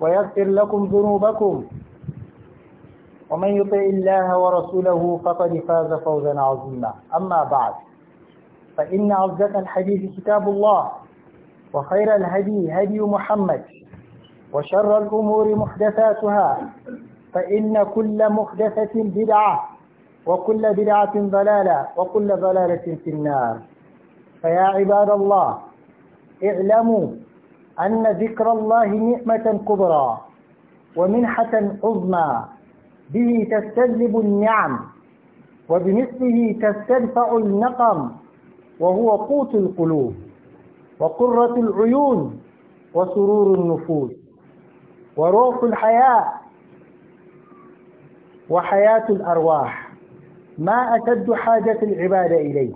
ويغفر لكم ذنوبكم ومن يطع الله ورسوله فقد فاز فوزا عظيما أما بعد فإن أصدق الحديث كتاب الله وخير الهدي هدي محمد وشر الأمور محدثاتها فإن كل محدثة بدعة وكل بدعة ضلالة وكل ضلالة في النار فيا عباد الله اعلموا أن ذكر الله نعمة كبرى ومنحة عظمى به تستجلب النعم وبمثله تستدفع النقم وهو قوت القلوب وقرة العيون وسرور النفوس وروح الحياة وحياة الأرواح ما أشد حاجة العباد إليه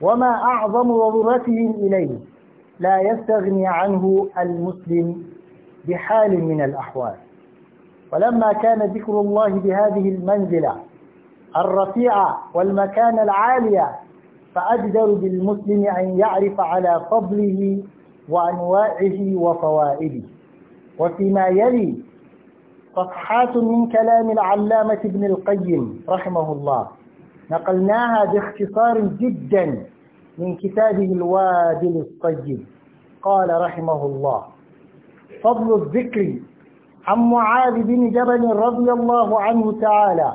وما أعظم ضرورتهم إليه لا يستغني عنه المسلم بحال من الأحوال ولما كان ذكر الله بهذه المنزلة الرفيعة والمكانة العالية فأجدر بالمسلم أن يعرف على فضله وأنواعه وفوائده وفيما يلي صفحات من كلام العلامة ابن القيم رحمه الله نقلناها باختصار جدا من كتابه الوادل الطيب قال رحمه الله فضل الذكر عن معاذ بن جبل رضي الله عنه تعالى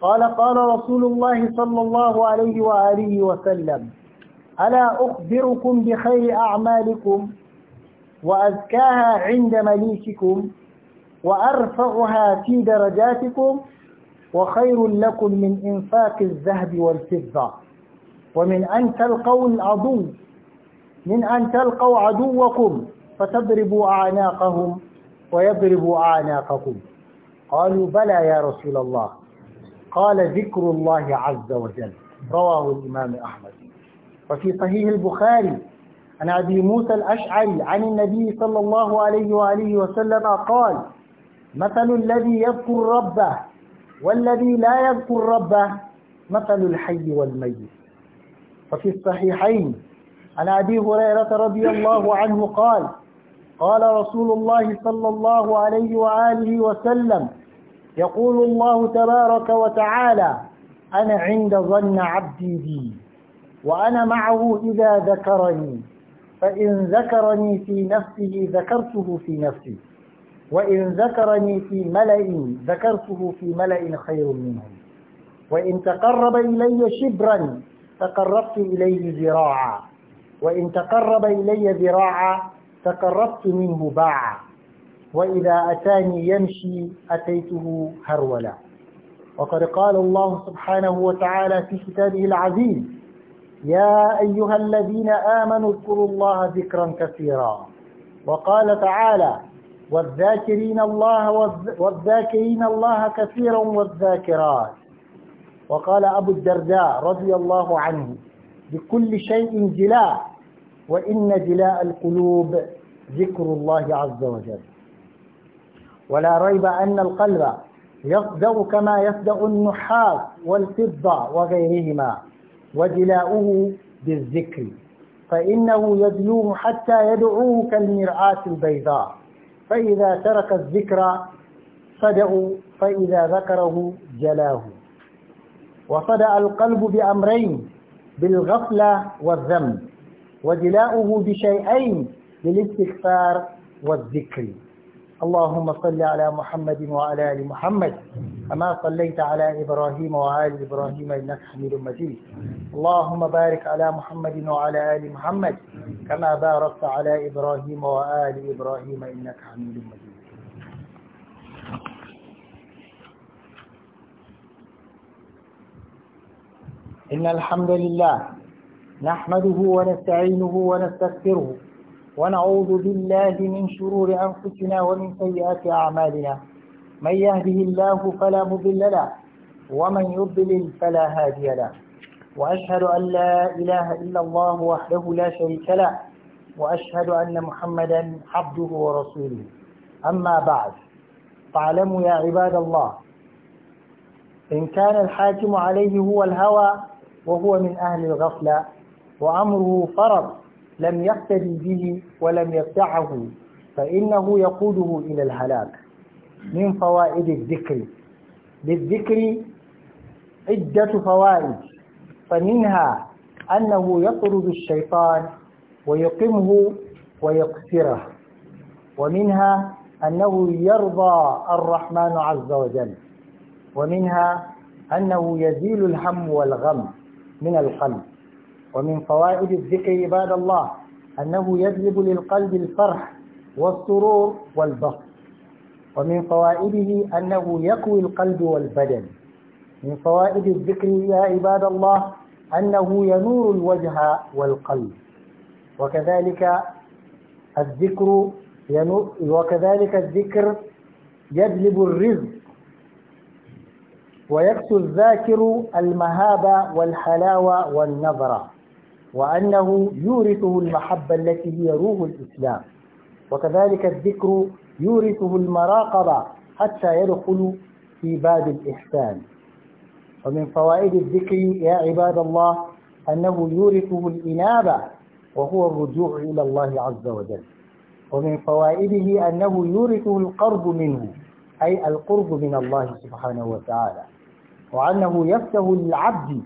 قال قال رسول الله صلى الله عليه وآله وسلم ألا أخبركم بخير أعمالكم وأزكاها عند مليككم وأرفعها في درجاتكم وخير لكم من إنفاق الذهب والفضة ومن أن تلقوا العدو من أن تلقوا عدوكم فتضربوا أعناقهم ويضربوا أعناقكم قالوا بلى يا رسول الله قال ذكر الله عز وجل رواه الإمام أحمد وفي صحيح البخاري عن أبي موسى الأشعري عن النبي صلى الله عليه وآله وسلم قال مثل الذي يذكر ربه والذي لا يذكر ربه مثل الحي والميت ففي الصحيحين عن أبي هريرة رضي الله عنه قال قال رسول الله صلى الله عليه وآله وسلم يقول الله تبارك وتعالى أنا عند ظن عبدي بي وأنا معه إذا ذكرني فإن ذكرني في نفسه ذكرته في نفسي وإن ذكرني في ملئ ذكرته في ملئ خير منهم وإن تقرب إلي شبرا تقربت إليه ذراعا وإن تقرب إلي ذراعا تقربت منه باعا وإذا أتاني يمشي أتيته هرولا وقد قال الله سبحانه وتعالى في كتابه العزيز يا أيها الذين آمنوا اذكروا الله ذكرا كثيرا وقال تعالى والذاكرين الله والذاكرين الله كثيرا والذاكرات وقال أبو الدرداء رضي الله عنه بكل شيء جلاء وإن جلاء القلوب ذكر الله عز وجل ولا ريب أن القلب يصدأ كما يصدأ النحاس والفضة وغيرهما وجلاؤه بالذكر فإنه يدلوه حتى يدعوه كالمرآة البيضاء فإذا ترك الذكر فدعوا فإذا ذكره جلاه وصدأ القلب بأمرين بالغفلة والذنب وجلاؤه بشيئين للاستغفار والذكر اللهم صل على محمد وعلى آل محمد كما صليت على إبراهيم وآل إبراهيم إنك حميد مجيد اللهم بارك على محمد وعلى آل محمد كما باركت على إبراهيم وآل إبراهيم إنك حميد مجيد إن الحمد لله نحمده ونستعينه ونستغفره ونعوذ بالله من شرور أنفسنا ومن سيئات أعمالنا من يهده الله فلا مضل له ومن يضلل فلا هادي له وأشهد أن لا إله إلا الله وحده لا شريك له وأشهد أن محمدا عبده ورسوله أما بعد فاعلموا يا عباد الله إن كان الحاكم عليه هو الهوى وهو من أهل الغفلة وأمره فرض لم يقتدي به ولم يبتعه فإنه يقوده إلى الهلاك من فوائد الذكر للذكر عدة فوائد فمنها أنه يطرد الشيطان ويقمه ويقصره ومنها أنه يرضى الرحمن عز وجل ومنها أنه يزيل الهم والغم من القلب ومن فوائد الذكر عباد الله أنه يجلب للقلب الفرح والسرور والبسط ومن فوائده أنه يقوي القلب والبدن من فوائد الذكر يا عباد الله أنه ينور الوجه والقلب وكذلك الذكر ينور وكذلك الذكر يجلب الرزق ويكسو الذاكر المهابة والحلاوة والنظرة وأنه يورثه المحبة التي هي روح الإسلام وكذلك الذكر يورثه المراقبة حتى يدخل في باب الإحسان ومن فوائد الذكر يا عباد الله أنه يورثه الإنابة وهو الرجوع إلى الله عز وجل ومن فوائده أنه يورثه القرب منه أي القرب من الله سبحانه وتعالى وأنه يفتح للعبد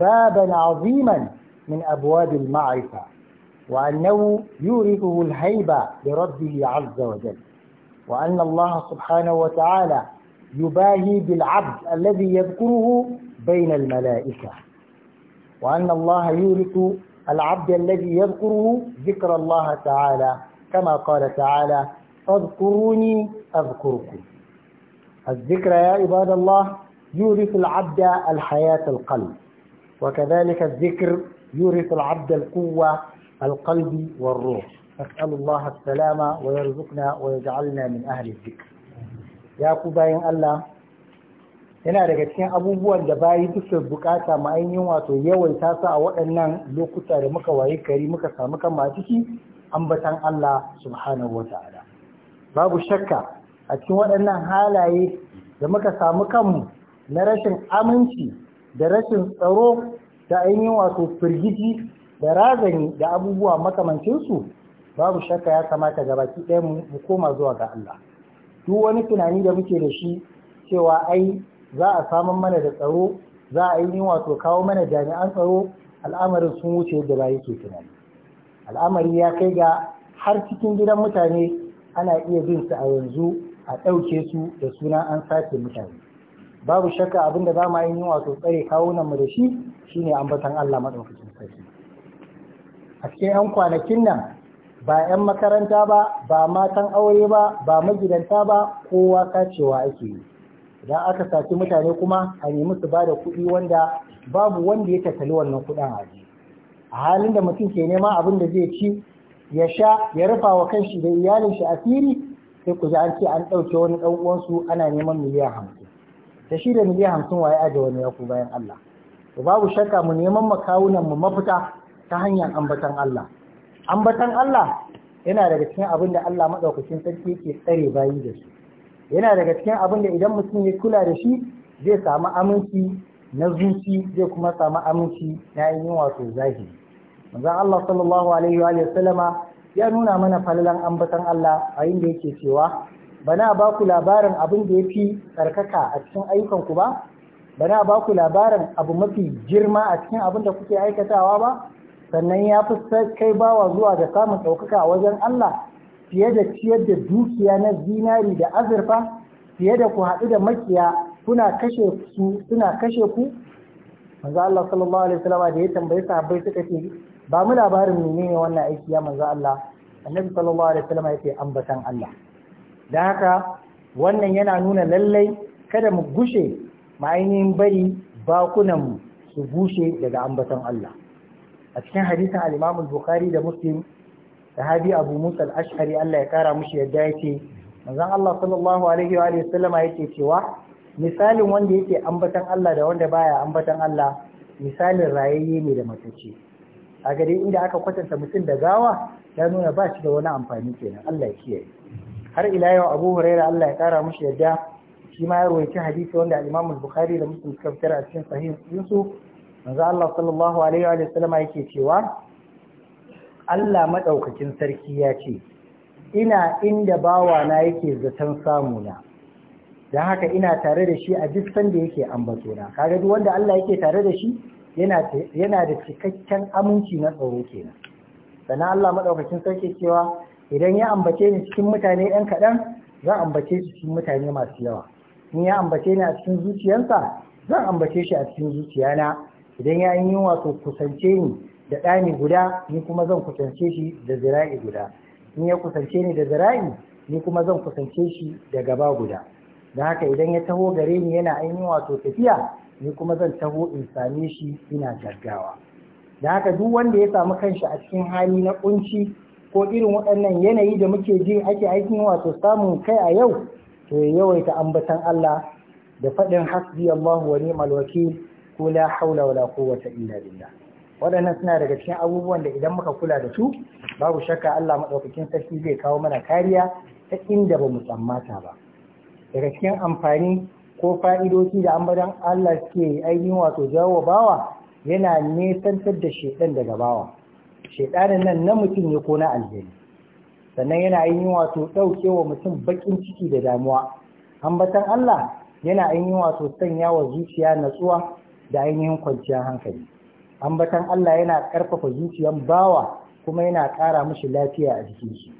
بابا عظيما من أبواب المعرفة وأنه يورثه الهيبة لربه عز وجل وأن الله سبحانه وتعالى يباهي بالعبد الذي يذكره بين الملائكة وأن الله يورث العبد الذي يذكره ذكر الله تعالى كما قال تعالى فاذكروني أذكركم الذكر يا عباد الله يورث العبد الحياة القلب وكذلك الذكر يورث العبد القوة القلب والروح أسأل الله السلامة ويرزقنا ويجعلنا من أهل الذكر يا كوباين الله yana daga cikin abubuwan da bayi suke bukata mu ainihin wato yawaita su a waɗannan lokuta da muka waye kari muka samu kan ma ciki ambatan Allah subhanahu wata'ala babu shakka a cikin waɗannan halaye da muka samu kanmu na rashin aminci da rashin tsaro da ainihin wato firgiti da razani da abubuwa makamancinsu babu shakka ya kamata ga baki ɗaya mu koma zuwa ga Allah duk wani tunani da muke da shi cewa ai za a samun mana da tsaro za a yi wato kawo mana jami'an tsaro al'amarin sun wuce yadda ba yake tunani al'amari ya kai ga har cikin gidan mutane ana iya bin su a yanzu a ɗauke su da suna an sace mutane babu shakka abin da za mu yi wato tsare kawunan mu da shi shine ambatan Allah madaukakin sarki a cikin yan kwanakin nan ba yan makaranta ba ba matan aure ba ba magidanta ba kowa kacewa ake yi idan aka saci mutane kuma a nemi su bada kuɗi wanda babu wanda ya tattali wannan kuɗin a a halin da mutum ke nema abin da zai ci ya sha ya rufa wa kanshi da iyalin shi asiri sai ku ji an ce an ɗauke wani ɗan uwansu ana neman miliyan hamsin da shi da miliyan hamsin waye aje wani ya ku bayan Allah to babu shakka mu neman makawunan mu mafita ta hanyar ambatan Allah ambatan Allah yana daga cikin abin da Allah madaukakin sarki yake tsare bayi da shi. yana daga cikin abin da idan mutum ya kula da shi zai samu aminci na zuci zai kuma samu aminci na yin wato zahiri manzon Allah sallallahu alaihi wa sallama ya nuna mana falalan ambatan Allah a inda yake cewa bana ba ku labarin abin da ya fi tsarkaka a cikin ayyukanku ba bana ba ku labarin abu mafi girma a cikin abin da kuke aikatawa ba sannan ya fi kai bawa zuwa da samun ɗaukaka a wajen Allah fiye da ciyar da dukiya na zinari da azurfa fiye da ku haɗu da makiya kuna kashe su suna kashe ku manzo Allah sallallahu alaihi wasallam da ya tambayi sahabbai suka ce ba mu labarin menene wannan aiki ya manzo Allah annabi sallallahu alaihi wasallam ya ce ambatan Allah da haka wannan yana nuna lallai kada mu gushe ma'ainihin bari bakunanmu su gushe daga ambaton Allah a cikin hadisin al'imamun bukhari da Muslim habi Abu Musa al-Ash'ari Allah ya kara mushi yadda ya ce manzon Allah sallallahu alaihi wa alihi sallama ce cewa misalin wanda yake ambatan Allah da wanda baya ambatan Allah misalin rayayye ne da matace a gare inda aka kwatanta mutum da gawa ya nuna ba shi da wani amfani kenan Allah ya kiyaye har ila yau abu huraira Allah ya kara mushi yadda shi ma ya rawaita hadisi wanda al-imam al-bukhari da muslim suka fitar a cikin sahih su manzo Allah sallallahu alaihi wa sallama yake cewa Allah madaukakin sarki ya ce ina inda bawa na yake zaton samu na dan haka ina tare da shi a duk da yake ambato na kaga duk wanda Allah yake tare da shi yana yana da cikakken aminci na tsaro kenan sannan Allah madaukakin sarki cewa idan ya ambace ni cikin mutane ɗan kaɗan zan ambace shi cikin mutane masu yawa in ya ambace ni a cikin zuciyarsa zan ambace shi a cikin zuciyana idan ya yi wato kusance ni da ɗani guda ni kuma zan kusance shi da zira'i guda in ya kusance ni da zira'i ni kuma zan kusance shi da gaba guda da haka idan ya taho gare ni yana ainihin wato tafiya ni kuma zan taho in same shi ina gaggawa da haka duk wanda ya samu kanshi a cikin hali na ƙunci. ko irin waɗannan yanayi da muke ji ake aikin wato samun kai a yau to ya yawaita ambatan Allah da faɗin hasbi Allahu wa ni'mal wakil ko la haula wala quwwata illa billah waɗannan suna daga cikin abubuwan da idan muka kula da su babu shakka Allah madaukakin sarki zai kawo mana kariya ta inda ba mu tsammata ba daga cikin amfani ko fa'idoci da ambatan Allah suke ainihin wato jawo bawa yana nesantar da shedan daga bawa shaidanin nan na mutum ya ko na aljani sannan yana yin wato ɗauke wa mutum baƙin ciki da damuwa ambatan Allah yana ainihin wato sanya wa zuciya natsuwa da ainihin kwanciyar hankali ambatan Allah yana ƙarfafa zuciyan bawa kuma yana ƙara mashi lafiya a jikin shi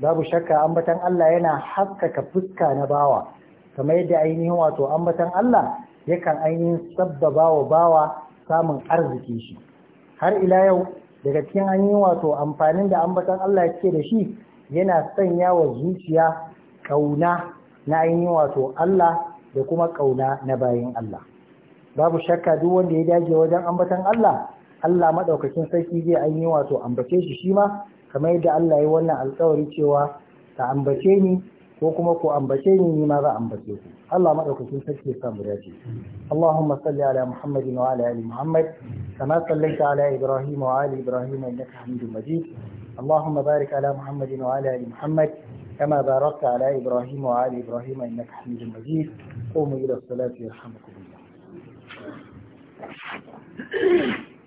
babu shakka ambatan Allah yana haskaka fuska na bawa kamar yadda ainihin wato ambatan Allah yakan ainihin sabbaba wa bawa samun arzikin shi har ila yau daga cikin hanyoyin wato amfanin da ambatan Allah ya da shi yana sanya wa zuciya kauna na ainihin wato Allah da kuma kauna na bayin Allah babu shakka duk wanda ya dage wajen ambatan Allah Allah madaukakin sarki zai ainihin wato ambace shi shi ma kamar yadda Allah ya yi wannan alƙawari cewa ta ambace ni ko kuma ku ambace ni ni ma za ambace ku Allah madaukakin sarki ya samu dace Allahumma salli ala Muhammadin wa ala ali Muhammad kama sallaita ala Ibrahim wa ali Ibrahim innaka Hamidum Majid Allahumma barik ala Muhammadin wa ala ali Muhammad كما باركت على إبراهيم وعلى إبراهيم إنك حميد مجيد قوموا إلى الصلاة يرحمكم الله